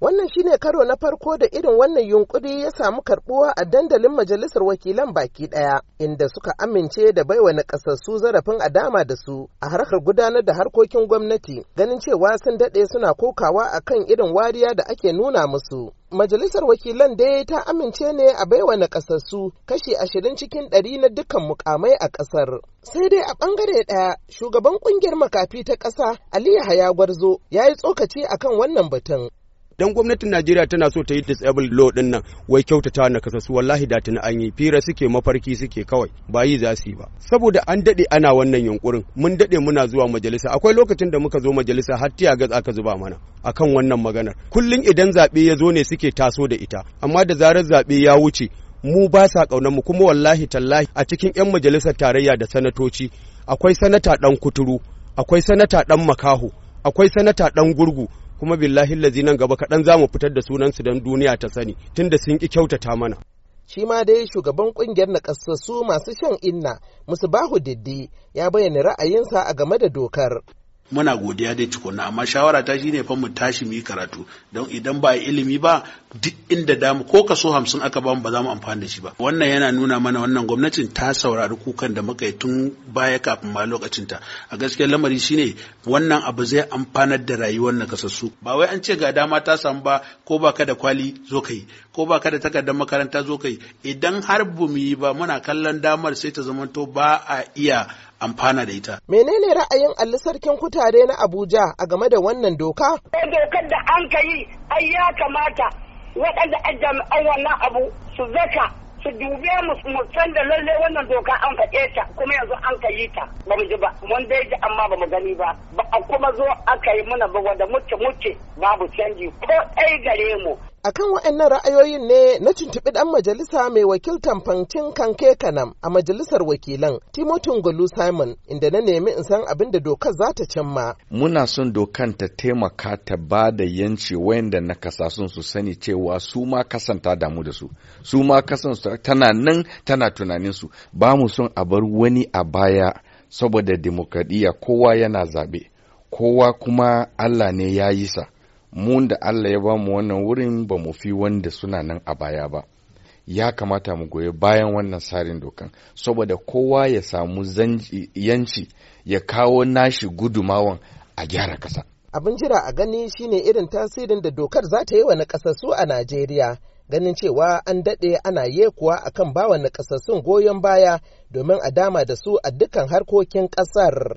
Wannan shi ne karo na farko da irin wannan yunkuri ya samu karbuwa a dandalin majalisar wakilan baki ɗaya, inda suka amince da baiwa nakasassu zarafin a dama da su a harkar gudanar da harkokin gwamnati, ganin cewa sun daɗe suna kokawa a kan irin wariya da ake nuna musu. Majalisar wakilan dai ta amince ne a baiwa nakasassu kashi ashirin cikin ɗari na dukkan mukamai a ƙasar. Sai dai a ɓangare ɗaya shugaban ƙungiyar makafi ta ƙasa Aliyu Hayagwarzo ya yi tsokaci akan wannan batun. dan gwamnatin Najeriya tana so ta yi disable law din nan wai kyautata na kasasu wallahi da tuni an yi fira suke mafarki suke kawai ba yi za su yi ba saboda an dade ana wannan yunkurin mun dade muna zuwa majalisa akwai lokacin da muka zo majalisa har tiya ga aka zuba mana akan wannan maganar kullun idan zabe ya zo ne suke taso da ita amma da zarar zabe ya wuce mu ba sa kaunar mu kuma wallahi tallahi a cikin 'yan majalisar tarayya da sanatoci akwai sanata ɗan kuturu akwai sanata ɗan makaho akwai sanata ɗan gurgu kuma billahi lazi nan gaba kaɗan za mu fitar da sunansu don duniya ta sani tunda sun ƙi kyautata mana. shi ma dai shugaban ƙungiyar nakasassu masu shan inna musu bahu diddi ya bayyana ra'ayinsa a game da dokar muna godiya dai tukunna amma shawara ta shine fa mu tashi mu yi karatu don idan ba ilimi ba duk inda mu ko kaso hamsin aka bamu ba za mu amfani da shi ba wannan yana nuna mana wannan gwamnatin ta saurari kukan da muka yi tun baya kafin ma lokacin ta a gaskiyar lamari shine wannan abu zai amfanar da rayuwar nakasassu ba wai an ce ga dama ta samu ba ko ba ka da kwali zo kai ko ba ka da takardar makaranta zo kai idan har bu mu yi ba muna kallon damar sai ta zamanto ba a iya amfana da ita. Menene ra'ayin Ali Sarkin Kutare na Abuja a game da wannan doka? Dokar da an ka yi ai ya kamata waɗanda an jami'an wannan abu su zaka su dube mu san da lalle wannan doka an faɗe ta kuma yanzu an ka ta ba mu ji ba mun dai ji amma ba mu gani ba ba a kuma zo aka yi mana ba wanda muke muke babu canji ko ɗai gare mu akan waɗannan ra'ayoyin ne na tuntuɓi ɗan majalisa mai wakiltan fancin kanke kanam a majalisar wakilan timotin Gulu simon inda na nemi in san abin da dokar za ta cimma muna son dokan ta taimaka ta ba da yanci wayanda na kasasun su sani cewa su ma kasan ta damu da su su ma kasan tana nan tana tunanin su ba mu son a bar wani a baya saboda demokradiyya kowa yana zaɓe kowa kuma allah ne ya yi sa mu da Allah ya bamu wannan wurin ba mu fi wanda suna nan a baya ba ya kamata mu goyi bayan wannan tsarin dokan saboda kowa ya samu yanci ya kawo nashi gudumawan a gyara ƙasa. abin jira a gani shine irin tasirin da dokar za ta yi wa nakasassu a Najeriya ganin cewa an daɗe ana yekuwa akan bawa nakasassun goyon baya domin a dama da su a dukkan harkokin ƙasar